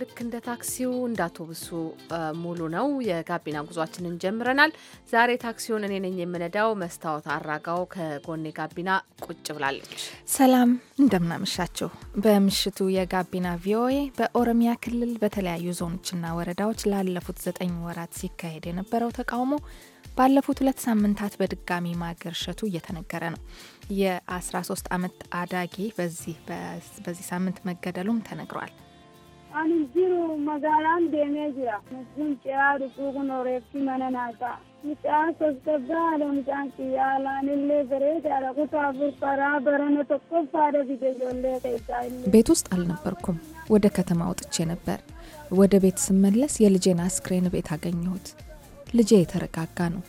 ልክ እንደ ታክሲው እንደ አውቶቡሱ ሙሉ ነው። የጋቢና ጉዟችንን ጀምረናል። ዛሬ ታክሲውን እኔ ነኝ የምነዳው። መስታወት አራጋው ከጎኔ ጋቢና ቁጭ ብላለች። ሰላም እንደምናመሻችሁ። በምሽቱ የጋቢና ቪኦኤ በኦሮሚያ ክልል በተለያዩ ዞኖችና ወረዳዎች ላለፉት ዘጠኝ ወራት ሲካሄድ የነበረው ተቃውሞ ባለፉት ሁለት ሳምንታት በድጋሚ ማገርሸቱ እየተነገረ ነው። የ13 ዓመት አዳጊ በዚህ በዚህ ሳምንት መገደሉም ተነግሯል። Ani jiru magaalaan deemee jira. Kun ce'aa dhufuu kun oreetti mana naaqa. Mucaan sossobaa haadha mucaan xiyyaa laan illee bareedaadha. Kutaa furfaraa barana tokkoffaadha fide ijoollee keessaa illee. ቤት ውስጥ አልነበርኩም። ወደ ከተማ ወጥቼ ነበር። ወደ ቤት ስመለስ የልጄን አስክሬን ቤት አገኘሁት። ልጄ የተረጋጋ ነው።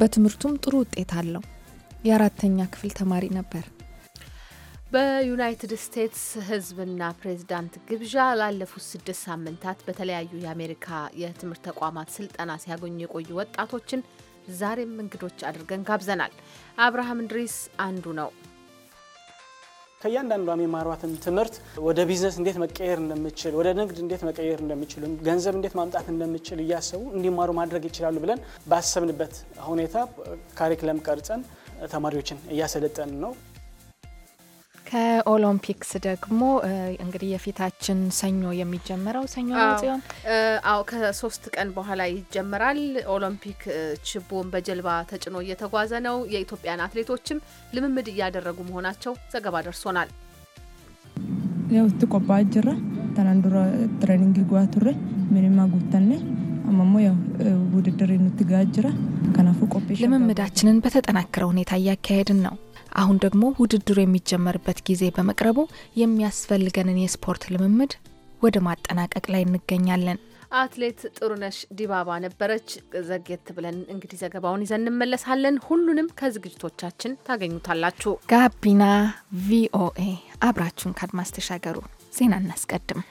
በትምህርቱም ጥሩ ውጤት አለው። የአራተኛ ክፍል ተማሪ ነበር። በዩናይትድ ስቴትስ ህዝብና ፕሬዝዳንት ግብዣ ላለፉት ስድስት ሳምንታት በተለያዩ የአሜሪካ የትምህርት ተቋማት ስልጠና ሲያገኙ የቆዩ ወጣቶችን ዛሬም እንግዶች አድርገን ጋብዘናል። አብርሃም እንድሪስ አንዱ ነው። ከእያንዳንዷም የማሯትን ትምህርት ወደ ቢዝነስ እንዴት መቀየር እንደምችል፣ ወደ ንግድ እንዴት መቀየር እንደምችል፣ ገንዘብ እንዴት ማምጣት እንደምችል እያሰቡ እንዲማሩ ማድረግ ይችላሉ ብለን ባሰብንበት ሁኔታ ካሪክለም ቀርጸን ተማሪዎችን እያሰለጠን ነው። ከኦሎምፒክስ ደግሞ እንግዲህ የፊታችን ሰኞ የሚጀመረው ሰኞ ነው ሲሆን፣ አዎ ከሶስት ቀን በኋላ ይጀመራል። ኦሎምፒክ ችቦን በጀልባ ተጭኖ እየተጓዘ ነው። የኢትዮጵያን አትሌቶችም ልምምድ እያደረጉ መሆናቸው ዘገባ ደርሶናል። ቆባ ጅራ ተናንዱራ ትሬኒንግ ጓቱሬ ምንማ ጉተኔ አማሞ ያው ውድድር ንትጋጅራ ከናፉ ቆቤ ልምምዳችንን በተጠናከረ ሁኔታ እያካሄድን ነው አሁን ደግሞ ውድድሩ የሚጀመርበት ጊዜ በመቅረቡ የሚያስፈልገንን የስፖርት ልምምድ ወደ ማጠናቀቅ ላይ እንገኛለን። አትሌት ጥሩነሽ ዲባባ ነበረች። ዘግየት ብለን እንግዲህ ዘገባውን ይዘን እንመለሳለን። ሁሉንም ከዝግጅቶቻችን ታገኙታላችሁ። ጋቢና ቪኦኤ፣ አብራችሁን ካድማስ ተሻገሩ። ዜና እናስቀድም።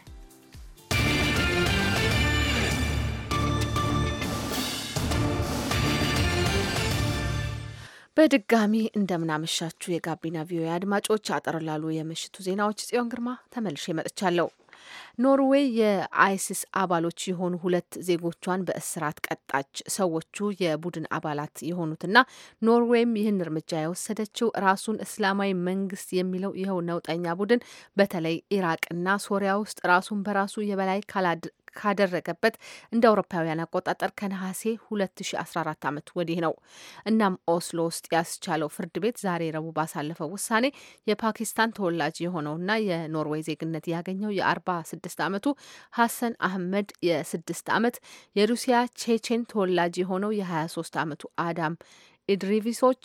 በድጋሚ እንደምናመሻችሁ የጋቢና ቪኦኤ አድማጮች፣ አጠር ላሉ የምሽቱ ዜናዎች ጽዮን ግርማ ተመልሼ መጥቻለሁ። ኖርዌይ የአይሲስ አባሎች የሆኑ ሁለት ዜጎቿን በእስራት ቀጣች። ሰዎቹ የቡድን አባላት የሆኑትና ኖርዌይም ይህን እርምጃ የወሰደችው ራሱን እስላማዊ መንግስት የሚለው ይኸው ነውጠኛ ቡድን በተለይ ኢራቅና ሶሪያ ውስጥ ራሱን በራሱ የበላይ ካደረገበት እንደ አውሮፓውያን አቆጣጠር ከነሐሴ 2014 ዓመት ወዲህ ነው። እናም ኦስሎ ውስጥ ያስቻለው ፍርድ ቤት ዛሬ ረቡዕ ባሳለፈው ውሳኔ የፓኪስታን ተወላጅ የሆነውና የኖርዌይ ዜግነት ያገኘው የ46 ዓመቱ ሐሰን አህመድ የ6 ዓመት የሩሲያ ቼቼን ተወላጅ የሆነው የ23 ዓመቱ አዳም ኢድሪቪሶች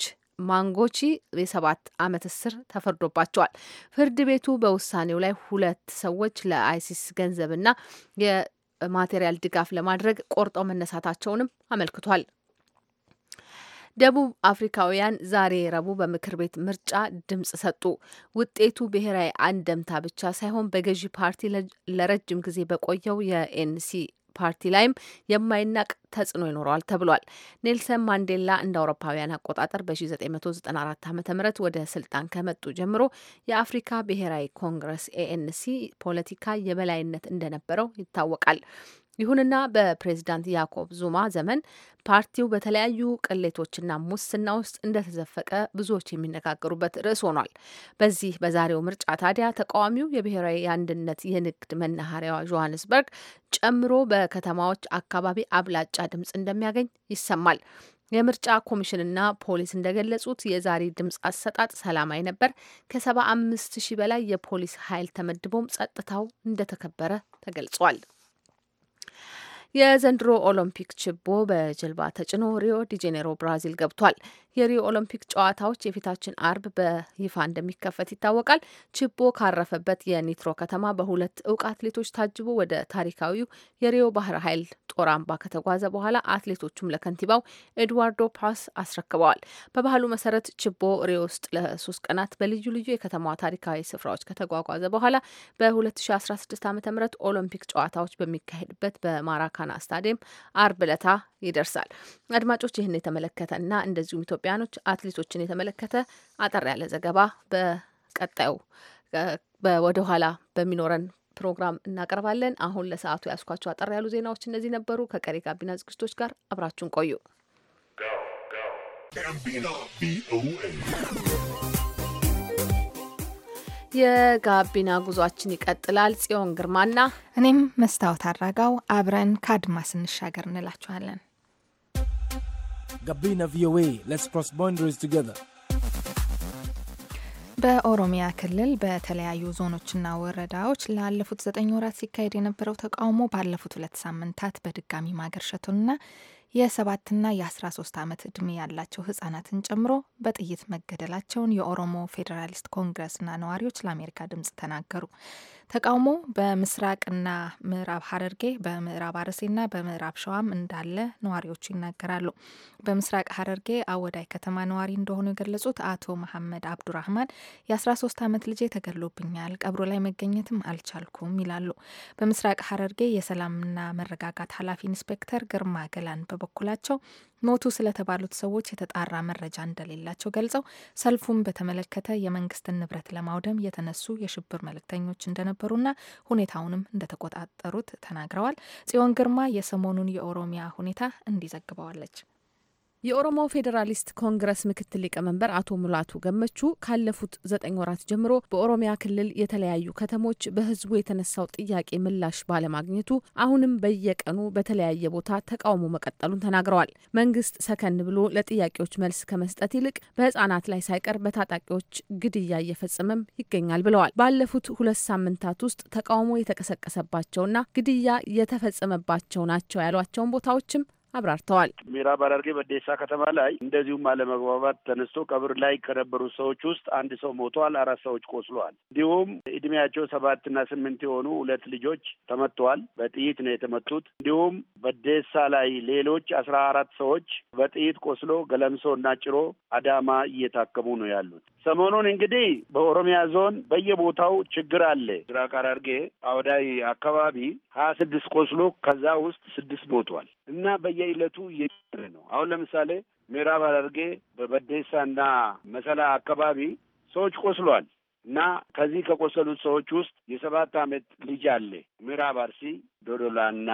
ማንጎቺ የሰባት ዓመት እስር ተፈርዶባቸዋል። ፍርድ ቤቱ በውሳኔው ላይ ሁለት ሰዎች ለአይሲስ ገንዘብና ማቴሪያል ድጋፍ ለማድረግ ቆርጠው መነሳታቸውንም አመልክቷል። ደቡብ አፍሪካውያን ዛሬ ረቡዕ በምክር ቤት ምርጫ ድምጽ ሰጡ። ውጤቱ ብሔራዊ አንደምታ ብቻ ሳይሆን በገዢ ፓርቲ ለረጅም ጊዜ በቆየው የኤንሲ ፓርቲ ላይም የማይናቅ ተጽዕኖ ይኖረዋል ተብሏል። ኔልሰን ማንዴላ እንደ አውሮፓውያን አቆጣጠር በ1994 ዓ ም ወደ ስልጣን ከመጡ ጀምሮ የአፍሪካ ብሔራዊ ኮንግረስ ኤኤንሲ ፖለቲካ የበላይነት እንደነበረው ይታወቃል። ይሁንና በፕሬዝዳንት ያዕቆብ ዙማ ዘመን ፓርቲው በተለያዩ ቅሌቶችና ሙስና ውስጥ እንደተዘፈቀ ብዙዎች የሚነጋገሩበት ርዕስ ሆኗል። በዚህ በዛሬው ምርጫ ታዲያ ተቃዋሚው የብሔራዊ አንድነት የንግድ መናኸሪያዋ ጆሀንስበርግ ጨምሮ በከተማዎች አካባቢ አብላጫ ድምፅ እንደሚያገኝ ይሰማል። የምርጫ ኮሚሽንና ፖሊስ እንደገለጹት የዛሬ ድምፅ አሰጣጥ ሰላማዊ ነበር። ከሰባ አምስት ሺህ በላይ የፖሊስ ኃይል ተመድቦም ጸጥታው እንደተከበረ ተገልጿል። የዘንድሮ ኦሎምፒክ ችቦ በጀልባ ተጭኖ ሪዮ ዲጄኔሮ ብራዚል ገብቷል። የሪዮ ኦሎምፒክ ጨዋታዎች የፊታችን አርብ በይፋ እንደሚከፈት ይታወቃል። ችቦ ካረፈበት የኒትሮ ከተማ በሁለት እውቅ አትሌቶች ታጅቦ ወደ ታሪካዊው የሪዮ ባህር ኃይል ጦር አምባ ከተጓዘ በኋላ አትሌቶቹም ለከንቲባው ኤድዋርዶ ፓስ አስረክበዋል። በባህሉ መሰረት ችቦ ሪዮ ውስጥ ለሶስት ቀናት በልዩ ልዩ የከተማዋ ታሪካዊ ስፍራዎች ከተጓጓዘ በኋላ በ2016 ዓ ም ኦሎምፒክ ጨዋታዎች በሚካሄድበት በማራካ ፋና ስታዲየም አርብ ለታ ይደርሳል። አድማጮች ይህን እና እንደዚሁም ኢትዮጵያኖች አትሌቶችን የተመለከተ አጠር ያለ ዘገባ በቀጣዩ ወደ ኋላ በሚኖረን ፕሮግራም እናቀርባለን። አሁን ለሰዓቱ ያስኳቸው አጠር ያሉ ዜናዎች እነዚህ ነበሩ። ከቀሪ ጋቢና ዝግጅቶች ጋር አብራችሁን ቆዩ። የጋቢና ጉዟችን ይቀጥላል። ጽዮን ግርማና እኔም መስታወት አድራጋው አብረን ከአድማስ እንሻገር እንላችኋለን። ጋቢና ቪኦኤ ሌትስ ክሮስ ቦንደሪስ ቱጌዘር በኦሮሚያ ክልል በተለያዩ ዞኖችና ወረዳዎች ላለፉት ዘጠኝ ወራት ሲካሄድ የነበረው ተቃውሞ ባለፉት ሁለት ሳምንታት በድጋሚ ማገርሸቱንና የሰባትና የአስራ ሶስት ዓመት ዕድሜ ያላቸው ህጻናትን ጨምሮ በጥይት መገደላቸውን የኦሮሞ ፌዴራሊስት ኮንግረስና ነዋሪዎች ለአሜሪካ ድምጽ ተናገሩ። ተቃውሞ በምስራቅና ምዕራብ ሐረርጌ በምዕራብ አርሴና በምዕራብ ሸዋም እንዳለ ነዋሪዎቹ ይናገራሉ። በምስራቅ ሐረርጌ አወዳይ ከተማ ነዋሪ እንደሆኑ የገለጹት አቶ መሐመድ አብዱራህማን የ13 ዓመት ልጄ ተገሎብኛል ቀብሮ ላይ መገኘትም አልቻልኩም ይላሉ። በምስራቅ ሐረርጌ የሰላምና መረጋጋት ኃላፊ ኢንስፔክተር ግርማ ገላን በበኩላቸው ሞቱ ስለተባሉት ሰዎች የተጣራ መረጃ እንደሌላቸው ገልጸው ሰልፉን በተመለከተ የመንግስትን ንብረት ለማውደም የተነሱ የሽብር መልእክተኞች እንደነበሩና ሁኔታውንም እንደተቆጣጠሩት ተናግረዋል። ጽዮን ግርማ የሰሞኑን የኦሮሚያ ሁኔታ እንዲዘግበዋለች። የኦሮሞ ፌዴራሊስት ኮንግረስ ምክትል ሊቀመንበር አቶ ሙላቱ ገመቹ ካለፉት ዘጠኝ ወራት ጀምሮ በኦሮሚያ ክልል የተለያዩ ከተሞች በህዝቡ የተነሳው ጥያቄ ምላሽ ባለማግኘቱ አሁንም በየቀኑ በተለያየ ቦታ ተቃውሞ መቀጠሉን ተናግረዋል። መንግስት ሰከን ብሎ ለጥያቄዎች መልስ ከመስጠት ይልቅ በህጻናት ላይ ሳይቀር በታጣቂዎች ግድያ እየፈጸመም ይገኛል ብለዋል። ባለፉት ሁለት ሳምንታት ውስጥ ተቃውሞ የተቀሰቀሰባቸውና ግድያ የተፈጸመባቸው ናቸው ያሏቸውን ቦታዎችም አብራርተዋል። ምዕራብ ሐረርጌ በዴሳ ከተማ ላይ እንደዚሁም አለመግባባት ተነስቶ ቀብር ላይ ከነበሩ ሰዎች ውስጥ አንድ ሰው ሞቷል፣ አራት ሰዎች ቆስሏል። እንዲሁም እድሜያቸው ሰባትና ስምንት የሆኑ ሁለት ልጆች ተመተዋል። በጥይት ነው የተመቱት። እንዲሁም በዴሳ ላይ ሌሎች አስራ አራት ሰዎች በጥይት ቆስሎ ገለምሶ እና ጭሮ አዳማ እየታከሙ ነው ያሉት። ሰሞኑን እንግዲህ በኦሮሚያ ዞን በየቦታው ችግር አለ። ምስራቅ ሐረርጌ አወዳይ አካባቢ ሀያ ስድስት ቆስሎ ከዛ ውስጥ ስድስት ሞቷል እና በየዕለቱ እየጨመረ ነው። አሁን ለምሳሌ ምዕራብ ሐረርጌ በበዴሳ እና መሰላ አካባቢ ሰዎች ቆስሏል። እና ከዚህ ከቆሰሉት ሰዎች ውስጥ የሰባት ዓመት ልጅ አለ። ምዕራብ አርሲ ዶዶላና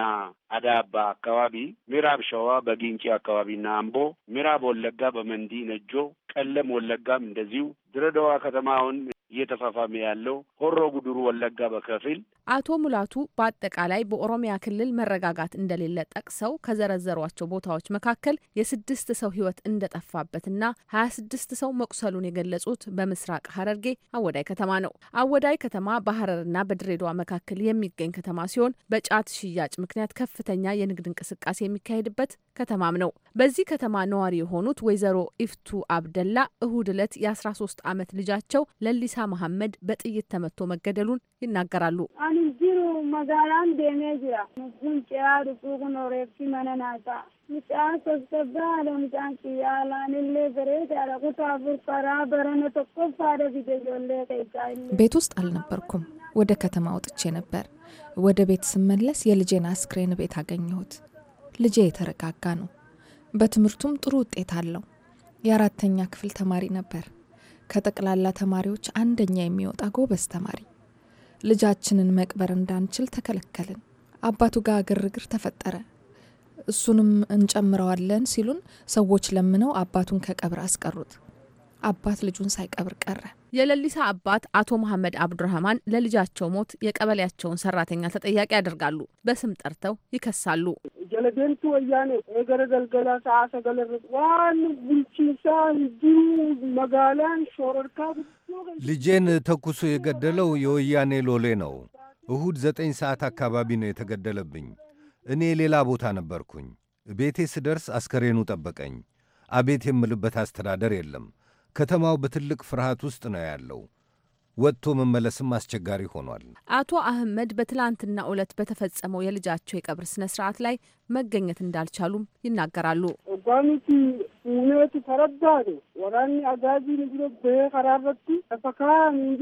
አዳባ አካባቢ፣ ምዕራብ ሸዋ በጊንጪ አካባቢና አምቦ፣ ምዕራብ ወለጋ በመንዲ ነጆ፣ ቀለም ወለጋም እንደዚሁ፣ ድረዳዋ ከተማውን እየተፋፋመ ያለው ሆሮ ጉድሩ ወለጋ በከፊል አቶ ሙላቱ በአጠቃላይ በኦሮሚያ ክልል መረጋጋት እንደሌለ ጠቅሰው ከዘረዘሯቸው ቦታዎች መካከል የስድስት ሰው ህይወት እንደጠፋበትና ሀያ ስድስት ሰው መቁሰሉን የገለጹት በምስራቅ ሀረርጌ አወዳይ ከተማ ነው። አወዳይ ከተማ በሐረርና በድሬዳዋ መካከል የሚገኝ ከተማ ሲሆን በጫት ሽያጭ ምክንያት ከፍተኛ የንግድ እንቅስቃሴ የሚካሄድበት ከተማም ነው። በዚህ ከተማ ነዋሪ የሆኑት ወይዘሮ ኢፍቱ አብደላ እሁድ ዕለት የአስራ ሶስት ዓመት ልጃቸው ለሊሳ መሐመድ በጥይት ተመቶ መገደሉን ይናገራሉ። ani jiru magaalaan deemee jira. Kun ce'aa dhufuu kun oreefsi mana naata. Mucaan sossobaa haala mucaan qiyyaa illee bareedaadha. Kutaa afur karaa barana tokkoffaadha bide ijoollee keessaa illee. ቤት ውስጥ አልነበርኩም። ወደ ከተማ ወጥቼ ነበር። ወደ ቤት ስመለስ የልጄን አስክሬን ቤት አገኘሁት። ልጄ የተረጋጋ ነው። በትምህርቱም ጥሩ ውጤት አለው። የአራተኛ ክፍል ተማሪ ነበር። ከጠቅላላ ተማሪዎች አንደኛ የሚወጣ ጎበዝ ተማሪ ልጃችንን መቅበር እንዳንችል ተከለከልን። አባቱ ጋር ግርግር ተፈጠረ። እሱንም እንጨምረዋለን ሲሉን ሰዎች ለምነው አባቱን ከቀብር አስቀሩት። አባት ልጁን ሳይቀብር ቀረ። የለሊሳ አባት አቶ መሐመድ አብዱራህማን ለልጃቸው ሞት የቀበሌያቸውን ሰራተኛ ተጠያቂ ያደርጋሉ። በስም ጠርተው ይከሳሉ። ጀለቤንቱ ወያኔ የገረገልገላ ሰዓሰ ዋን ቡልቺንሳ ህዱ መጋላን ሾረርካ ልጄን ተኩሶ የገደለው የወያኔ ሎሌ ነው። እሁድ ዘጠኝ ሰዓት አካባቢ ነው የተገደለብኝ። እኔ ሌላ ቦታ ነበርኩኝ። ቤቴ ስደርስ አስከሬኑ ጠበቀኝ። አቤት የምልበት አስተዳደር የለም። ከተማው በትልቅ ፍርሃት ውስጥ ነው ያለው። ወጥቶ መመለስም አስቸጋሪ ሆኗል። አቶ አህመድ በትላንትና ዕለት በተፈጸመው የልጃቸው የቀብር ስነ ስርዓት ላይ መገኘት እንዳልቻሉም ይናገራሉ። ጓኑቲ ሁኔቱ ተረዳ ወራኒ አጋዚ ከራረቱ ተፈካ እንጂ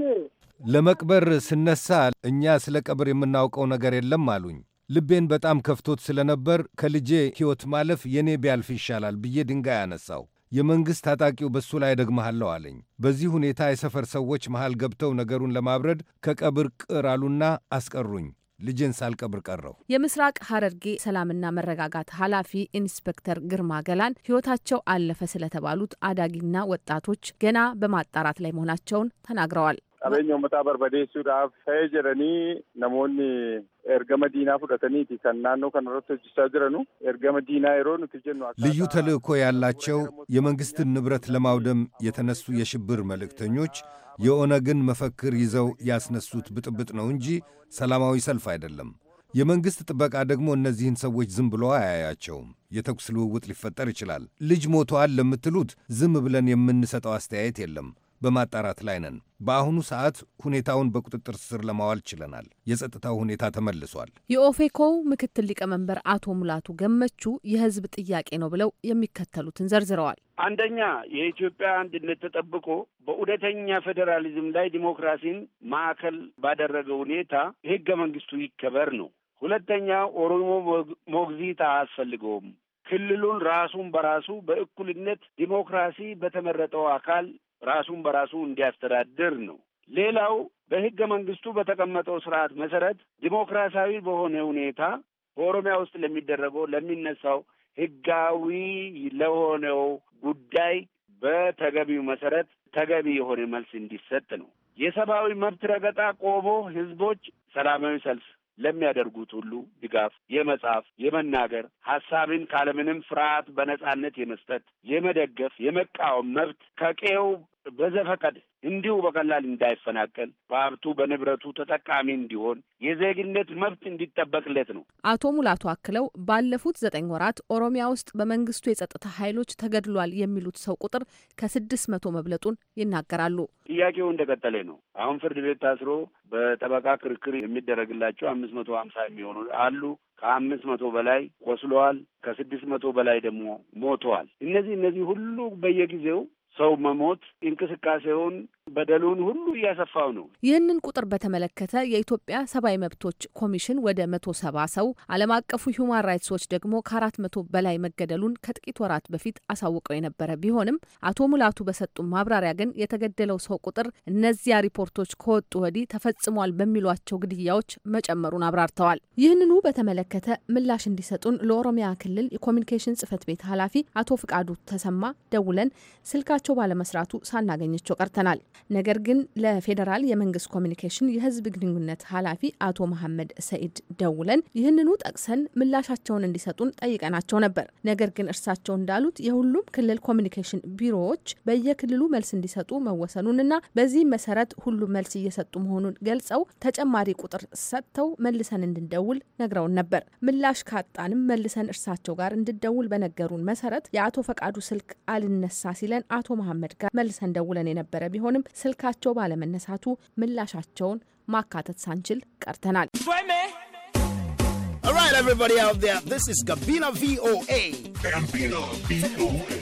ለመቅበር ስነሳ እኛ ስለ ቀብር የምናውቀው ነገር የለም አሉኝ። ልቤን በጣም ከፍቶት ስለነበር ከልጄ ሕይወት ማለፍ የኔ ቢያልፍ ይሻላል ብዬ ድንጋይ አነሳው። የመንግሥት ታጣቂው በሱ ላይ ደግመሃለሁ አለኝ። በዚህ ሁኔታ የሰፈር ሰዎች መሃል ገብተው ነገሩን ለማብረድ ከቀብር ቅር አሉና አስቀሩኝ። ልጄን ሳልቀብር ቀረው። የምስራቅ ሐረርጌ ሰላምና መረጋጋት ኃላፊ ኢንስፔክተር ግርማ ገላን ሕይወታቸው አለፈ ስለተባሉት አዳጊና ወጣቶች ገና በማጣራት ላይ መሆናቸውን ተናግረዋል። qabeenya uummataa barbadeessuudhaaf ta'ee jedhanii namoonni ergama diinaa fudhataniiti kan naannoo kana irratti hojjechaa jiranu ergama diinaa yeroo nuti jennu ልዩ ተልእኮ ያላቸው የመንግሥትን ንብረት ለማውደም የተነሱ የሽብር መልእክተኞች የኦነግን መፈክር ይዘው ያስነሱት ብጥብጥ ነው እንጂ ሰላማዊ ሰልፍ አይደለም። የመንግሥት ጥበቃ ደግሞ እነዚህን ሰዎች ዝም ብሎ አያያቸውም። የተኩስ ልውውጥ ሊፈጠር ይችላል። ልጅ ሞቷል ለምትሉት ዝም ብለን የምንሰጠው አስተያየት የለም። በማጣራት ላይ ነን። በአሁኑ ሰዓት ሁኔታውን በቁጥጥር ስር ለማዋል ችለናል። የጸጥታው ሁኔታ ተመልሷል። የኦፌኮው ምክትል ሊቀመንበር አቶ ሙላቱ ገመቹ የህዝብ ጥያቄ ነው ብለው የሚከተሉትን ዘርዝረዋል። አንደኛ የኢትዮጵያ አንድነት ተጠብቆ በእውነተኛ ፌዴራሊዝም ላይ ዲሞክራሲን ማዕከል ባደረገ ሁኔታ ህገ መንግስቱ ይከበር ነው። ሁለተኛ ኦሮሞ ሞግዚት አያስፈልገውም። ክልሉን ራሱን በራሱ በእኩልነት ዲሞክራሲ በተመረጠው አካል ራሱን በራሱ እንዲያስተዳድር ነው። ሌላው በህገ መንግስቱ በተቀመጠው ስርዓት መሰረት ዲሞክራሲያዊ በሆነ ሁኔታ በኦሮሚያ ውስጥ ለሚደረገው ለሚነሳው ህጋዊ ለሆነው ጉዳይ በተገቢው መሰረት ተገቢ የሆነ መልስ እንዲሰጥ ነው። የሰብአዊ መብት ረገጣ ቆሞ ህዝቦች ሰላማዊ ሰልፍ ለሚያደርጉት ሁሉ ድጋፍ የመጻፍ የመናገር ሀሳብን ካለምንም ፍርሃት በነጻነት የመስጠት የመደገፍ የመቃወም መብት ከቄው በዘፈቀድ እንዲሁ በቀላል እንዳይፈናቀል በሀብቱ በንብረቱ ተጠቃሚ እንዲሆን የዜግነት መብት እንዲጠበቅለት ነው። አቶ ሙላቱ አክለው ባለፉት ዘጠኝ ወራት ኦሮሚያ ውስጥ በመንግስቱ የጸጥታ ኃይሎች ተገድሏል የሚሉት ሰው ቁጥር ከስድስት መቶ መብለጡን ይናገራሉ። ጥያቄው እንደቀጠለ ነው። አሁን ፍርድ ቤት ታስሮ በጠበቃ ክርክር የሚደረግላቸው አምስት መቶ ሀምሳ የሚሆኑ አሉ። ከአምስት መቶ በላይ ቆስለዋል። ከስድስት መቶ በላይ ደግሞ ሞተዋል። እነዚህ እነዚህ ሁሉ በየጊዜው ሰው መሞት እንቅስቃሴውን በደሉን ሁሉ እያሰፋው ነው። ይህንን ቁጥር በተመለከተ የኢትዮጵያ ሰብአዊ መብቶች ኮሚሽን ወደ መቶ ሰባ ሰው ዓለም አቀፉ ሁማን ራይትስ ዎች ደግሞ ከአራት መቶ በላይ መገደሉን ከጥቂት ወራት በፊት አሳውቀው የነበረ ቢሆንም አቶ ሙላቱ በሰጡ ማብራሪያ ግን የተገደለው ሰው ቁጥር እነዚያ ሪፖርቶች ከወጡ ወዲህ ተፈጽሟል በሚሏቸው ግድያዎች መጨመሩን አብራርተዋል። ይህንኑ በተመለከተ ምላሽ እንዲሰጡን ለኦሮሚያ ክልል የኮሚኒኬሽን ጽህፈት ቤት ኃላፊ አቶ ፍቃዱ ተሰማ ደውለን ስልካቸው ባለመስራቱ ሳናገኘቸው ቀርተናል። ነገር ግን ለፌዴራል የመንግስት ኮሚኒኬሽን የህዝብ ግንኙነት ኃላፊ አቶ መሐመድ ሰኢድ ደውለን ይህንኑ ጠቅሰን ምላሻቸውን እንዲሰጡን ጠይቀናቸው ነበር። ነገር ግን እርሳቸው እንዳሉት የሁሉም ክልል ኮሚኒኬሽን ቢሮዎች በየክልሉ መልስ እንዲሰጡ መወሰኑንና በዚህ መሰረት ሁሉም መልስ እየሰጡ መሆኑን ገልጸው ተጨማሪ ቁጥር ሰጥተው መልሰን እንድንደውል ነግረውን ነበር። ምላሽ ካጣንም መልሰን እርሳቸው ጋር እንድደውል በነገሩን መሰረት የአቶ ፈቃዱ ስልክ አልነሳ ሲለን አቶ መሐመድ ጋር መልሰን ደውለን የነበረ ቢሆንም ቢሆንም ስልካቸው ባለመነሳቱ ምላሻቸውን ማካተት ሳንችል ቀርተናል። All right, everybody out there, this is Gabina VOA. Gabina VOA.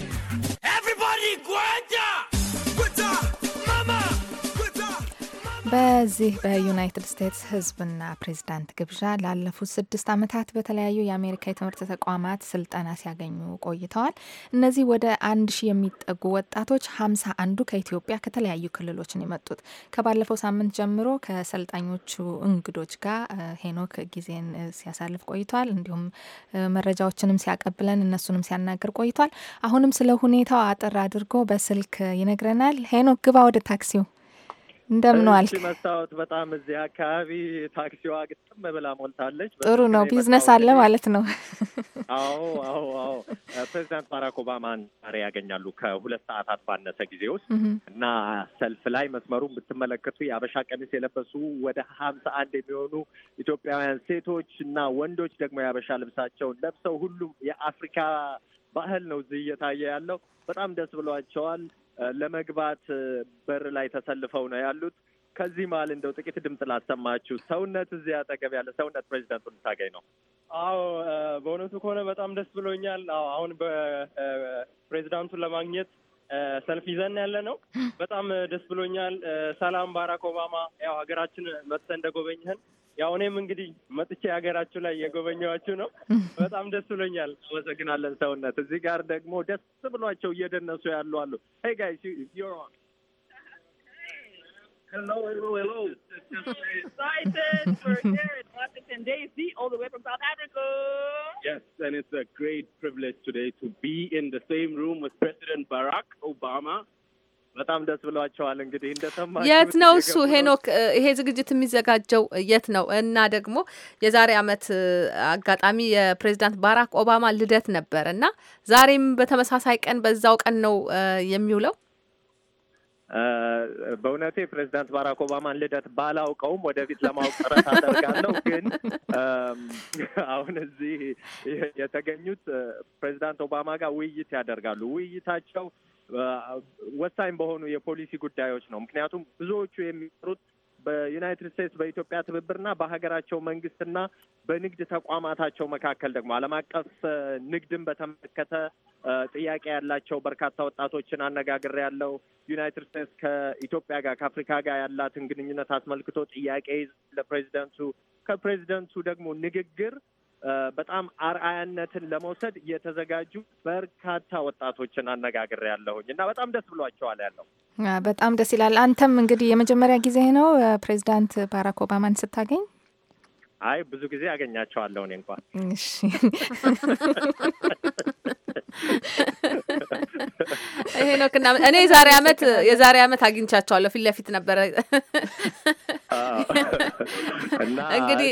በዚህ በዩናይትድ ስቴትስ ህዝብና ፕሬዚዳንት ግብዣ ላለፉት ስድስት ዓመታት በተለያዩ የአሜሪካ የትምህርት ተቋማት ስልጠና ሲያገኙ ቆይተዋል። እነዚህ ወደ አንድ ሺህ የሚጠጉ ወጣቶች ሀምሳ አንዱ ከኢትዮጵያ ከተለያዩ ክልሎች ነው የመጡት። ከባለፈው ሳምንት ጀምሮ ከሰልጣኞቹ እንግዶች ጋር ሄኖክ ጊዜን ሲያሳልፍ ቆይቷል። እንዲሁም መረጃዎችንም ሲያቀብለን እነሱንም ሲያናግር ቆይቷል። አሁንም ስለ ሁኔታው አጠር አድርጎ በስልክ ይነግረናል። ሄኖክ ግባ ወደ ታክሲው እንደምን ዋልክ? መስታወት በጣም እዚህ አካባቢ ታክሲዋ ግጥም ብላ ሞልታለች። ጥሩ ነው። ቢዝነስ አለ ማለት ነው። አዎ አዎ አዎ። ፕሬዚዳንት ባራክ ኦባማን ዛሬ ያገኛሉ ከሁለት ሰዓታት ባነሰ ጊዜ ውስጥ እና ሰልፍ ላይ መስመሩን ብትመለከቱ የአበሻ ቀሚስ የለበሱ ወደ ሀምሳ አንድ የሚሆኑ ኢትዮጵያውያን ሴቶች እና ወንዶች ደግሞ የአበሻ ልብሳቸውን ለብሰው ሁሉም የአፍሪካ ባህል ነው እዚህ እየታየ ያለው። በጣም ደስ ብሏቸዋል። ለመግባት በር ላይ ተሰልፈው ነው ያሉት። ከዚህ መሀል እንደው ጥቂት ድምፅ ላሰማችሁ። ሰውነት እዚህ አጠገብ ያለ ሰውነት ፕሬዚዳንቱን ልታገኝ ነው? አዎ በእውነቱ ከሆነ በጣም ደስ ብሎኛል። አሁን በፕሬዚዳንቱን ለማግኘት ሰልፍ ይዘን ያለ ነው። በጣም ደስ ብሎኛል። ሰላም ባራክ ኦባማ፣ ያው ሀገራችን መጥተህ እንደጎበኘህን ያው እኔም እንግዲህ መጥቼ ሀገራችሁ ላይ የጎበኘኋችሁ ነው። በጣም ደስ ብሎኛል። አመሰግናለን። ሰውነት እዚህ ጋር ደግሞ ደስ ብሏቸው እየደነሱ ያሉ አሉ። ሄይ ጋይስ Hello, hello, hello. excited. for here in Washington, D.C., all the way from South Africa. Yes, and it's a great privilege today to be in the same room with President Barack Obama. በጣም ደስ ብሏቸዋል። እንግዲህ እንደሰማ የት ነው እሱ ሄኖክ፣ ይሄ ዝግጅት የሚዘጋጀው የት ነው? እና ደግሞ የዛሬ አመት አጋጣሚ የፕሬዚዳንት ባራክ ኦባማ ልደት ነበር እና ዛሬም በተመሳሳይ ቀን በዛው ቀን ነው የሚውለው። በእውነቴ ፕሬዚዳንት ባራክ ኦባማን ልደት ባላውቀውም ወደፊት ለማወቅ ጥረት አደርጋለሁ። ግን አሁን እዚህ የተገኙት ፕሬዚዳንት ኦባማ ጋር ውይይት ያደርጋሉ። ውይይታቸው ወሳኝ በሆኑ የፖሊሲ ጉዳዮች ነው። ምክንያቱም ብዙዎቹ የሚሰሩት በዩናይትድ ስቴትስ በኢትዮጵያ ትብብርና በሀገራቸው መንግስትና በንግድ ተቋማታቸው መካከል ደግሞ ዓለም አቀፍ ንግድን በተመለከተ ጥያቄ ያላቸው በርካታ ወጣቶችን አነጋግሬ ያለው ዩናይትድ ስቴትስ ከኢትዮጵያ ጋር ከአፍሪካ ጋር ያላትን ግንኙነት አስመልክቶ ጥያቄ ለፕሬዚደንቱ ከፕሬዚደንቱ ደግሞ ንግግር በጣም አርአያነትን ለመውሰድ የተዘጋጁ በርካታ ወጣቶችን አነጋግር ያለሁኝ እና በጣም ደስ ብሏቸዋል ያለው በጣም ደስ ይላል። አንተም እንግዲህ የመጀመሪያ ጊዜ ነው ፕሬዚዳንት ባራክ ኦባማን ስታገኝ? አይ ብዙ ጊዜ አገኛቸዋለሁ እኔ እንኳን። እሺ ይሄ ነው። እኔ የዛሬ አመት የዛሬ አመት አግኝቻቸዋለሁ ፊት ለፊት ነበረ እንግዲህ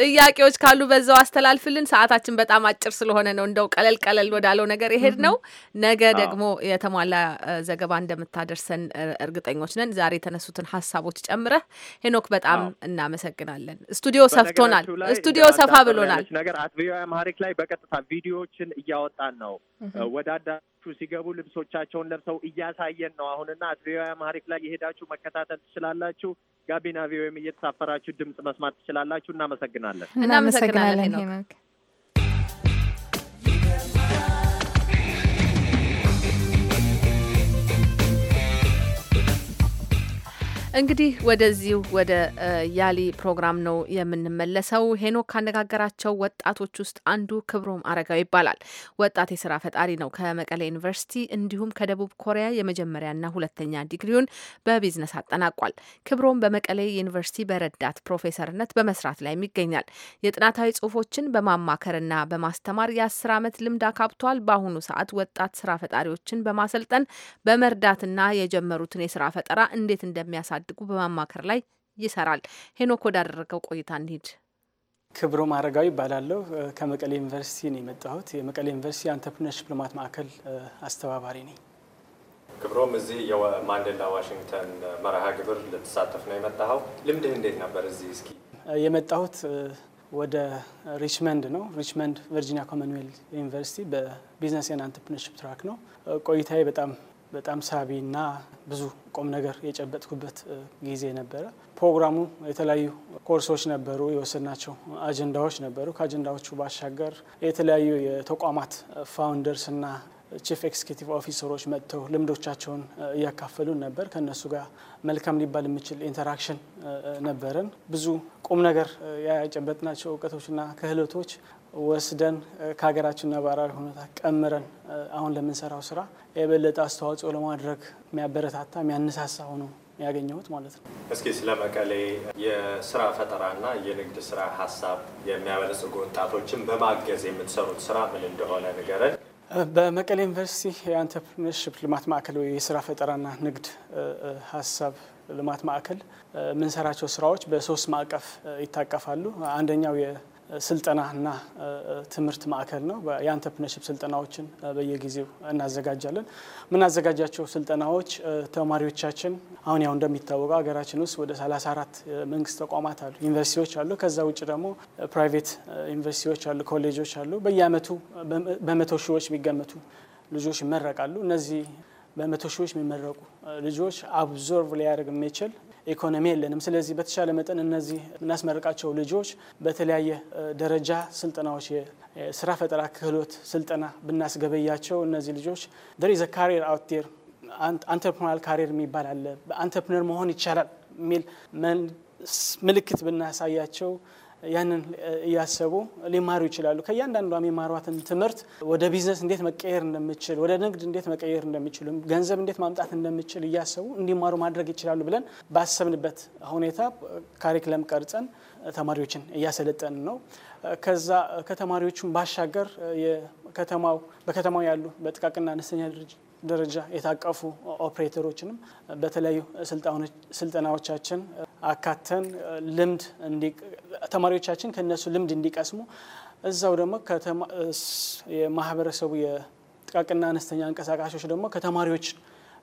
ጥያቄዎች ካሉ በዛው አስተላልፍልን። ሰዓታችን በጣም አጭር ስለሆነ ነው እንደው ቀለል ቀለል ወዳለው ነገር የሄድ ነው። ነገ ደግሞ የተሟላ ዘገባ እንደምታደርሰን እርግጠኞች ነን። ዛሬ የተነሱትን ሀሳቦች ጨምረህ ሄኖክ በጣም እናመሰግናለን። ስቱዲዮ ሰፍቶናል። ስቱዲዮ ሰፋ ብሎናል። ነገር አት ቪኦኤ አማሪክ ላይ በቀጥታ ቪዲዮዎችን እያወጣን ነው ወደ ሲገቡ ልብሶቻቸውን ለብሰው እያሳየን ነው አሁንና አት ቪኦኤ አማሪክ ላይ የሄዳችሁ መከታተል ትችላላችሁ። ጋቢና ቪኦኤም እየተሳፈራችሁ ድምጽ መስማት ትችላላችሁ። እናመሰግናለን። እናመሰግናለን እናመሰግናለን እንግዲህ ወደዚሁ ወደ ያሊ ፕሮግራም ነው የምንመለሰው። ሄኖክ ካነጋገራቸው ወጣቶች ውስጥ አንዱ ክብሮም አረጋው ይባላል። ወጣት የስራ ፈጣሪ ነው። ከመቀሌ ዩኒቨርሲቲ እንዲሁም ከደቡብ ኮሪያ የመጀመሪያና ሁለተኛ ዲግሪውን በቢዝነስ አጠናቋል። ክብሮም በመቀሌ ዩኒቨርሲቲ በረዳት ፕሮፌሰርነት በመስራት ላይም ይገኛል። የጥናታዊ ጽሁፎችን በማማከርና በማስተማር የአስር ዓመት ልምድ አካብቷል። በአሁኑ ሰዓት ወጣት ስራ ፈጣሪዎችን በማሰልጠን በመርዳትና የጀመሩትን የስራ ፈጠራ እንዴት እንደሚያሳ እንዲያሳድጉ በማማከር ላይ ይሰራል። ሄኖክ ወዳደረገው ቆይታ እንሂድ። ክብሮ ማረጋዊ ይባላለሁ። ከመቀሌ ዩኒቨርሲቲ ነው የመጣሁት። የመቀሌ ዩኒቨርሲቲ አንተርፕርነርሽፕ ልማት ማዕከል አስተባባሪ ነኝ። ክብሮም፣ እዚህ የማንዴላ ዋሽንግተን መርሃ ግብር ልትሳተፍ ነው የመጣኸው። ልምድህ እንዴት ነበር? እዚህ እስኪ የመጣሁት ወደ ሪችመንድ ነው። ሪችመንድ ቨርጂኒያ ኮመንዌልት ዩኒቨርሲቲ በቢዝነስ ኤንድ አንተርፕርነርሽፕ ትራክ ነው። ቆይታዬ በጣም በጣም ሳቢና ብዙ ቁም ነገር የጨበጥኩበት ጊዜ ነበረ። ፕሮግራሙ የተለያዩ ኮርሶች ነበሩ፣ የወሰድናቸው አጀንዳዎች ነበሩ። ከአጀንዳዎቹ ባሻገር የተለያዩ የተቋማት እና ቺፍ ኤክስኪቲቭ ኦፊሰሮች መጥተው ልምዶቻቸውን እያካፈሉን ነበር። ከእነሱ ጋር መልካም ሊባል የሚችል ኢንተራክሽን ነበረን። ብዙ ቁም ነገር ያጨበጥናቸው እውቀቶችና ክህሎቶች ወስደን ከሀገራችን ነባራዊ ሁኔታ ቀምረን አሁን ለምንሰራው ስራ የበለጠ አስተዋጽኦ ለማድረግ የሚያበረታታ የሚያነሳሳ ሆኖ ያገኘሁት ማለት ነው። እስኪ ስለ መቀሌ የስራ ፈጠራና የንግድ ስራ ሀሳብ የሚያበለጽጉ ወጣቶችን በማገዝ የምትሰሩት ስራ ምን እንደሆነ ንገረን። በመቀሌ ዩኒቨርሲቲ የአንተርፕርነርሺፕ ልማት ማዕከል ወይ የስራ ፈጠራና ንግድ ሀሳብ ልማት ማዕከል የምንሰራቸው ስራዎች በሶስት ማዕቀፍ ይታቀፋሉ። አንደኛው ስልጠናና ትምህርት ማዕከል ነው። የአንተርፕነርሽፕ ስልጠናዎችን በየጊዜው እናዘጋጃለን። የምናዘጋጃቸው ስልጠናዎች ተማሪዎቻችን አሁን ያው እንደሚታወቀው ሀገራችን ውስጥ ወደ 34 መንግስት ተቋማት አሉ፣ ዩኒቨርሲቲዎች አሉ። ከዛ ውጭ ደግሞ ፕራይቬት ዩኒቨርሲቲዎች አሉ፣ ኮሌጆች አሉ። በየአመቱ በመቶ ሺዎች የሚገመቱ ልጆች ይመረቃሉ። እነዚህ በመቶ ሺዎች የሚመረቁ ልጆች አብዞርቭ ሊያደርግ የሚችል ኢኮኖሚ የለንም። ስለዚህ በተሻለ መጠን እነዚህ የምናስመረቃቸው ልጆች በተለያየ ደረጃ ስልጠናዎች፣ የስራ ፈጠራ ክህሎት ስልጠና ብናስገበያቸው እነዚህ ልጆች ዴር ዘ ካሪር አውቴር አንተርፕርናል ካሪር የሚባል አለ። በአንተርፕነር መሆን ይቻላል የሚል ምልክት ብናሳያቸው ያንን እያሰቡ ሊማሩ ይችላሉ። ከእያንዳንዷም የማሯትን ትምህርት ወደ ቢዝነስ እንዴት መቀየር እንደምችል፣ ወደ ንግድ እንዴት መቀየር እንደሚችሉ፣ ገንዘብ እንዴት ማምጣት እንደምችል እያሰቡ እንዲማሩ ማድረግ ይችላሉ ብለን ባሰብንበት ሁኔታ ካሪክለም ቀርጸን ተማሪዎችን እያሰለጠን ነው። ከዛ ከተማሪዎቹን ባሻገር ከተማው በከተማው ያሉ በጥቃቅና አነስተኛ ደረጃ የታቀፉ ኦፕሬተሮችንም በተለያዩ ስልጠናዎቻችን አካተን ልምድ ተማሪዎቻችን ከነሱ ልምድ እንዲቀስሙ እዛው ደግሞ የማህበረሰቡ የጥቃቅና አነስተኛ እንቀሳቃሾች ደግሞ ከተማሪዎች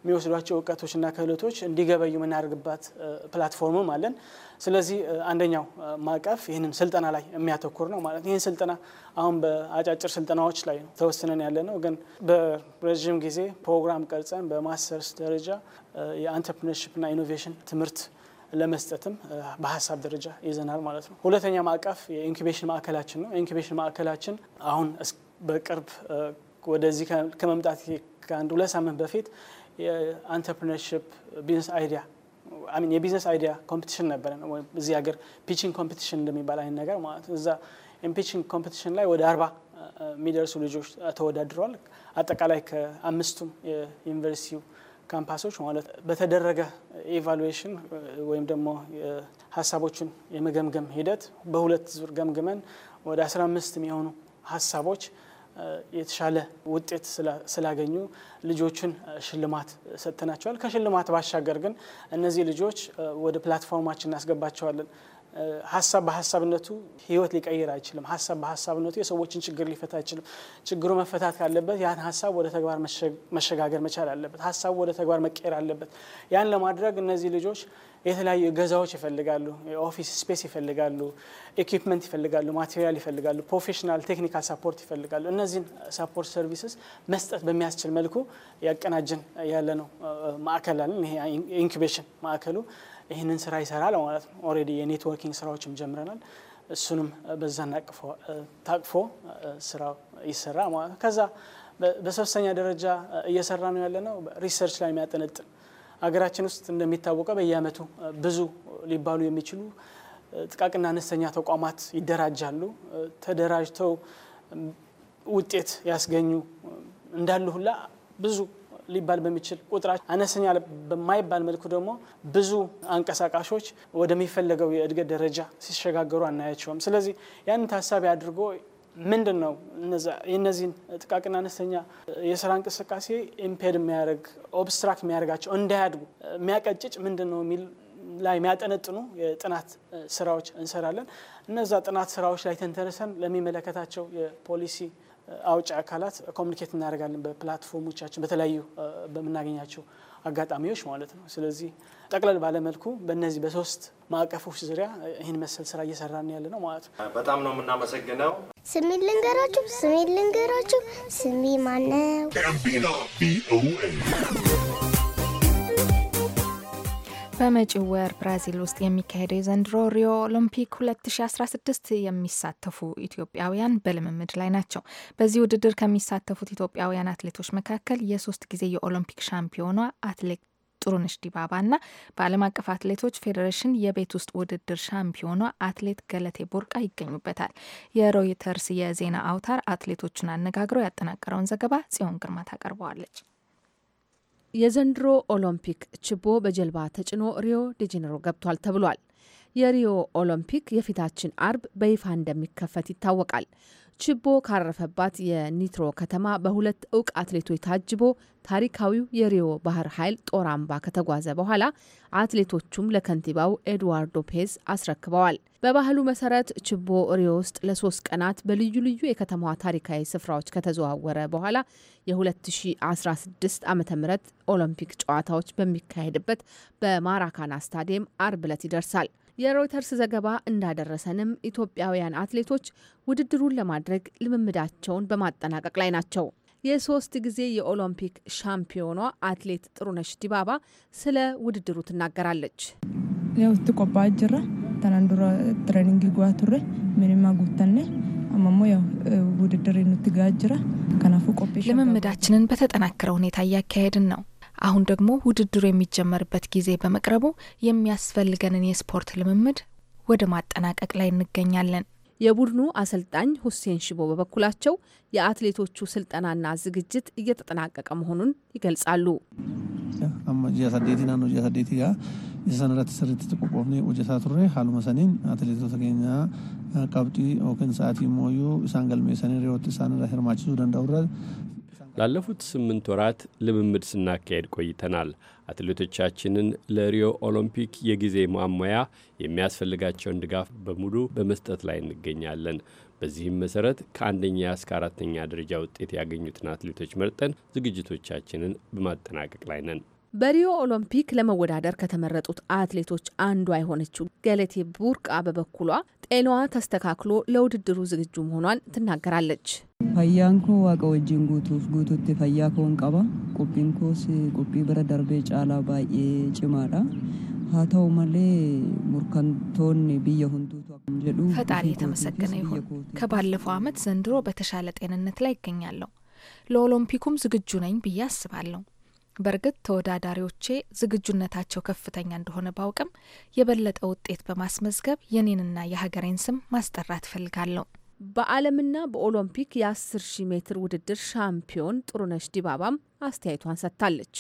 የሚወስዷቸው እውቀቶችና ክህሎቶች እንዲገበዩ የምናደርግባት ፕላትፎርምም አለን። ስለዚህ አንደኛው ማዕቀፍ ይህንን ስልጠና ላይ የሚያተኩር ነው ማለት ይህን ስልጠና አሁን በአጫጭር ስልጠናዎች ላይ ነው ተወስነን ያለ ነው። ግን በረዥም ጊዜ ፕሮግራም ቀርጸን በማስተርስ ደረጃ የአንትርፕርነርሽፕና ኢኖቬሽን ትምህርት ለመስጠትም በሀሳብ ደረጃ ይዘናል ማለት ነው። ሁለተኛ ማዕቀፍ የኢንኩቤሽን ማዕከላችን ነው። የኢንኩቤሽን ማዕከላችን አሁን በቅርብ ወደዚህ ከመምጣት ከአንድ ሁለት ሳምንት በፊት የአንተርፕሪነርሽፕ ቢዝነስ አይዲያ አሚን የቢዝነስ አይዲያ ኮምፒቲሽን ነበረ። እዚህ ሀገር ፒቺንግ ኮምፒቲሽን እንደሚባል አይነት ነገር ማለት እዛ ፒቺንግ ኮምፒቲሽን ላይ ወደ አርባ የሚደርሱ ልጆች ተወዳድረዋል። አጠቃላይ ከአምስቱም የዩኒቨርሲቲው ካምፓሶች ማለት በተደረገ ኢቫሉዌሽን ወይም ደግሞ ሀሳቦችን የመገምገም ሂደት በሁለት ዙር ገምግመን ወደ 15 የሚሆኑ ሀሳቦች የተሻለ ውጤት ስላገኙ ልጆችን ሽልማት ሰጥተናቸዋል። ከሽልማት ባሻገር ግን እነዚህ ልጆች ወደ ፕላትፎርማችን እናስገባቸዋለን። ሀሳብ በሀሳብነቱ ህይወት ሊቀይር አይችልም። ሀሳብ በሀሳብነቱ የሰዎችን ችግር ሊፈታ አይችልም። ችግሩ መፈታት ካለበት ያን ሀሳብ ወደ ተግባር መሸጋገር መቻል አለበት። ሀሳቡ ወደ ተግባር መቀየር አለበት። ያን ለማድረግ እነዚህ ልጆች የተለያዩ ገዛዎች ይፈልጋሉ፣ የኦፊስ ስፔስ ይፈልጋሉ፣ ኢኩፕመንት ይፈልጋሉ፣ ማቴሪያል ይፈልጋሉ፣ ፕሮፌሽናል ቴክኒካል ሰፖርት ይፈልጋሉ። እነዚህን ሰፖርት ሰርቪስስ መስጠት በሚያስችል መልኩ ያቀናጅን ያለ ነው ማዕከል አለን። ይሄ ኢንኩቤሽን ማዕከሉ ይህንን ስራ ይሰራል ማለት ነው። ኦልሬዲ የኔትወርኪንግ ስራዎችም ጀምረናል። እሱንም በዛን ታቅፎ ስራው ይሰራ ማለት ነው። ከዛ በሶስተኛ ደረጃ እየሰራ ነው ያለ ነው ሪሰርች ላይ የሚያጠነጥን ሀገራችን ውስጥ እንደሚታወቀው በየአመቱ ብዙ ሊባሉ የሚችሉ ጥቃቅና አነስተኛ ተቋማት ይደራጃሉ። ተደራጅተው ውጤት ያስገኙ እንዳሉ ሁላ ብዙ ሊባል በሚችል ቁጥራቸው አነስተኛ በማይባል መልኩ ደግሞ ብዙ አንቀሳቃሾች ወደሚፈለገው የእድገት ደረጃ ሲሸጋገሩ አናያቸውም። ስለዚህ ያንን ታሳቢ አድርጎ ምንድን ነው የእነዚህን ጥቃቅና አነስተኛ የስራ እንቅስቃሴ ኢምፔድ የሚያደርግ ኦብስትራክት የሚያደርጋቸው እንዳያድጉ የሚያቀጭጭ ምንድን ነው የሚል ላይ የሚያጠነጥኑ የጥናት ስራዎች እንሰራለን። እነዛ ጥናት ስራዎች ላይ ተንተርሰን ለሚመለከታቸው የፖሊሲ አውጭ አካላት ኮሚኒኬት እናደርጋለን በፕላትፎርሞቻችን በተለያዩ በምናገኛቸው አጋጣሚዎች ማለት ነው። ስለዚህ ጠቅለል ባለመልኩ በእነዚህ በሶስት ማዕቀፎች ዙሪያ ይህን መሰል ስራ እየሰራን ያለ ነው ማለት ነው። በጣም ነው የምናመሰግነው። ስሜ ልንገራችሁ ስሜ ልንገራችሁ ስሜ ማነው? በመጪው ወር ብራዚል ውስጥ የሚካሄደው የዘንድሮ ሪዮ ኦሎምፒክ 2016 የሚሳተፉ ኢትዮጵያውያን በልምምድ ላይ ናቸው። በዚህ ውድድር ከሚሳተፉት ኢትዮጵያውያን አትሌቶች መካከል የሶስት ጊዜ የኦሎምፒክ ሻምፒዮኗ አትሌት ጥሩነሽ ዲባባና በዓለም አቀፍ አትሌቶች ፌዴሬሽን የቤት ውስጥ ውድድር ሻምፒዮኗ አትሌት ገለቴ ቦርቃ ይገኙበታል። የሮይተርስ የዜና አውታር አትሌቶቹን አነጋግሮ ያጠናቀረውን ዘገባ ጽዮን ግርማ ታቀርበዋለች። የዘንድሮ ኦሎምፒክ ችቦ በጀልባ ተጭኖ ሪዮ ዴጄኔሮ ገብቷል ተብሏል። የሪዮ ኦሎምፒክ የፊታችን አርብ በይፋ እንደሚከፈት ይታወቃል። ችቦ ካረፈባት የኒትሮ ከተማ በሁለት እውቅ አትሌቶች ታጅቦ ታሪካዊው የሪዮ ባህር ኃይል ጦር አምባ ከተጓዘ በኋላ አትሌቶቹም ለከንቲባው ኤድዋርዶ ፔዝ አስረክበዋል። በባህሉ መሰረት ችቦ ሪዮ ውስጥ ለሶስት ቀናት በልዩ ልዩ የከተማዋ ታሪካዊ ስፍራዎች ከተዘዋወረ በኋላ የ2016 ዓ ም ኦሎምፒክ ጨዋታዎች በሚካሄድበት በማራካና ስታዲየም አርብ ዕለት ይደርሳል። የሮይተርስ ዘገባ እንዳደረሰንም ኢትዮጵያውያን አትሌቶች ውድድሩን ለማድረግ ልምምዳቸውን በማጠናቀቅ ላይ ናቸው። የሶስት ጊዜ የኦሎምፒክ ሻምፒዮኗ አትሌት ጥሩነሽ ዲባባ ስለ ውድድሩ ትናገራለች። ያው ትቆባ እጅራ tanaan dura tireeningii go'aa turre minima guuttanne አማሞ ያው ውድድር የንትጋ ከናፉ ቆቤ ልምምዳችንን በተጠናከረ ሁኔታ እያካሄድን ነው። አሁን ደግሞ ውድድሩ የሚጀመርበት ጊዜ በመቅረቡ የሚያስፈልገንን የስፖርት ልምምድ ወደ ማጠናቀቅ ላይ እንገኛለን። የቡድኑ አሰልጣኝ ሁሴን ሽቦ በበኩላቸው የአትሌቶቹ ስልጠናና ዝግጅት እየተጠናቀቀ መሆኑን ይገልጻሉ። amma ji'a saddeetii naannoo ji'a saddeetii gaa isa sanarratti sirriitti xiqqoofnee hojjetaa turre haaluma saniin atileetota keenya qabxii yookiin sa'aatii mooyyuu isaan galmeessanii reewwatti isaan irra hirmaachisuu danda'u irra ላለፉት ስምንት ወራት ልምምድ ስናካሄድ ቆይተናል። አትሌቶቻችንን ለሪዮ ኦሎምፒክ የጊዜ ማሟያ የሚያስፈልጋቸውን ድጋፍ በሙሉ በመስጠት ላይ እንገኛለን። በዚህም መሰረት ከአንደኛ እስከ አራተኛ ደረጃ ውጤት ያገኙትን አትሌቶች መርጠን ዝግጅቶቻችንን በማጠናቀቅ ላይ ነን። በሪዮ ኦሎምፒክ ለመወዳደር ከተመረጡት አትሌቶች አንዷ የሆነችው ገለቴ ቡርቃ በበኩሏ ጤናዋ ተስተካክሎ ለውድድሩ ዝግጁ መሆኗን ትናገራለች። ፈያንኮ ዋቀ ጉቱፍ ጉቱት ፈያ ኮን ቀባ ቁቢንኮስ ቁቢ ብረ ደርቤ ጫላ ባዬ ጭማዳ ሀተው መሌ ሙርከንቶን ብየ ሁንዱቱ ፈጣሪ የተመሰገነ ይሁን። ከባለፈው ዓመት ዘንድሮ በተሻለ ጤንነት ላይ ይገኛለሁ። ለኦሎምፒኩም ዝግጁ ነኝ ብዬ አስባለሁ። በእርግጥ ተወዳዳሪዎቼ ዝግጁነታቸው ከፍተኛ እንደሆነ ባውቅም የበለጠ ውጤት በማስመዝገብ የኔንና የሀገሬን ስም ማስጠራት እፈልጋለሁ። በዓለምና በኦሎምፒክ የ10 ሺህ ሜትር ውድድር ሻምፒዮን ጥሩነሽ ዲባባም አስተያየቷን ሰጥታለች።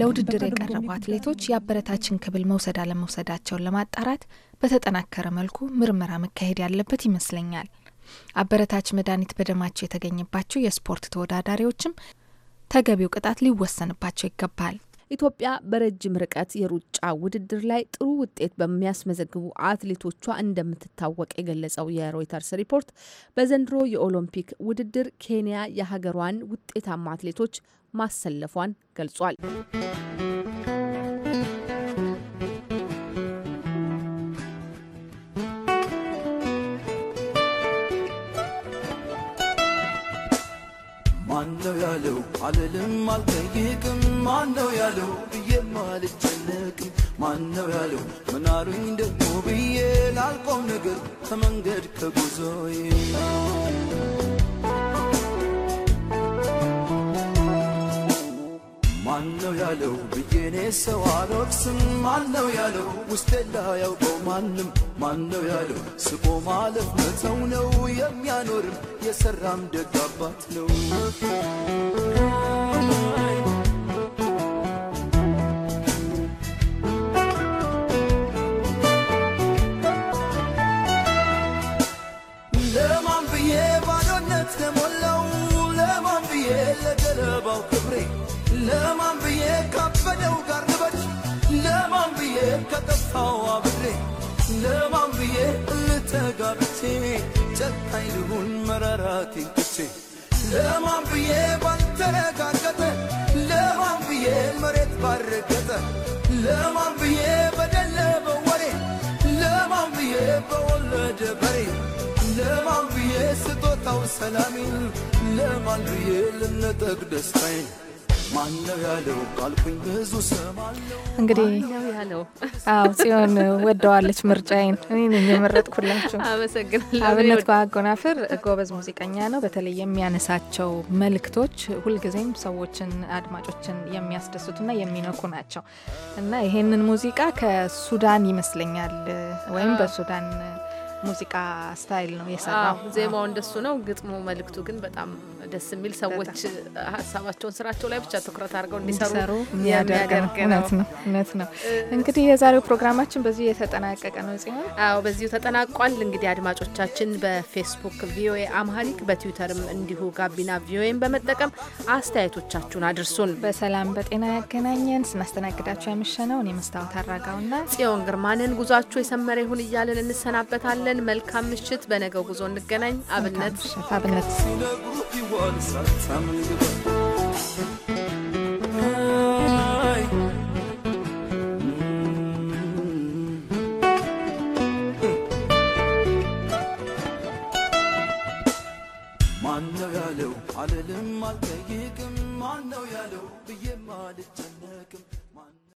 ለውድድር የቀረቡ አትሌቶች የአበረታች ክብል መውሰድ አለመውሰዳቸውን ለማጣራት በተጠናከረ መልኩ ምርመራ መካሄድ ያለበት ይመስለኛል። አበረታች መድኃኒት በደማቸው የተገኘባቸው የስፖርት ተወዳዳሪዎችም ተገቢው ቅጣት ሊወሰንባቸው ይገባል። ኢትዮጵያ በረጅም ርቀት የሩጫ ውድድር ላይ ጥሩ ውጤት በሚያስመዘግቡ አትሌቶቿ እንደምትታወቅ የገለጸው የሮይተርስ ሪፖርት በዘንድሮ የኦሎምፒክ ውድድር ኬንያ የሀገሯን ውጤታማ አትሌቶች ማሰለፏን ገልጿል። ማነው ያለው አልልም አልጠይቅም ማን ነው ያለው ብዬ ማልጨነቅ ማነው ያለው ምናሉኝ ደግሞ ብዬ ላልቆም ነገር ከመንገድ ከጉዞዬ ማነው ያለው ብዬኔ ሰው አልወቅስም ማነው ያለው ውስጤ ላያውቀው ማንም ማነው ያለው ስቆ ማለፍ መተው ነው የሚያኖርም የሰራም ደግ አባት ነው ተሞላው ለማን ብዬ ለገለባው ክብሬ ለማን ብዬ ካበደው ጋር ንበች ለማን ብዬ ከጠፋው አብሬ ለማን ብዬ እልተጋብቼ ብቼ ጨካኝ ልሁን መራራቴን ትቼ ለማን ብዬ ባልተረጋገጠ ለማን ብዬ መሬት ባረገጠ ለማን ብዬ በደለ በወሬ ለማን ብዬ በወለደ በሬ ለማን ብዬ ስጦታው ሰላሜን ለማን ብዬ ልነጠቅ ደስታዬን እንግዲህ አዎ ጽዮን ወደዋለች ምርጫዬን። እኔ የመረጥኩላችሁ። አመሰግናለሁ። አብነት በአጎናፍር ጎበዝ ሙዚቀኛ ነው። በተለይ የሚያነሳቸው መልእክቶች ሁልጊዜም ሰዎችን፣ አድማጮችን የሚያስደስቱና የሚነኩ ናቸው እና ይሄንን ሙዚቃ ከሱዳን ይመስለኛል ወይም በሱዳን ሙዚቃ ስታይል ነው የሰራው። ዜማው እንደሱ ነው፣ ግጥሙ መልእክቱ ግን በጣም ደስ የሚል ሰዎች ሀሳባቸውን ስራቸው ላይ ብቻ ትኩረት አድርገው እንዲሰሩ የሚያደርግ ነው። እውነት ነው። እንግዲህ የዛሬው ፕሮግራማችን በዚሁ የተጠናቀቀ ነው ሲሆን፣ በዚሁ ተጠናቋል። እንግዲህ አድማጮቻችን በፌስቡክ ቪኦኤ አምሃሪክ በትዊተርም እንዲሁ ጋቢና ቪኦኤን በመጠቀም አስተያየቶቻችሁን አድርሱን። በሰላም በጤና ያገናኘን። ስናስተናግዳችሁ ያመሸነው እኔ መስታወት አራጋውና ጽዮን ግርማንን ጉዟችሁ የሰመረ ይሁን እያለን እንሰናበታለን። ተመኘን። መልካም ምሽት። በነገው ጉዞ እንገናኝ። አብነት አብነት ማነው ያለው አልልም አልጠይቅም ማነው ያለው ብዬ ማልጨ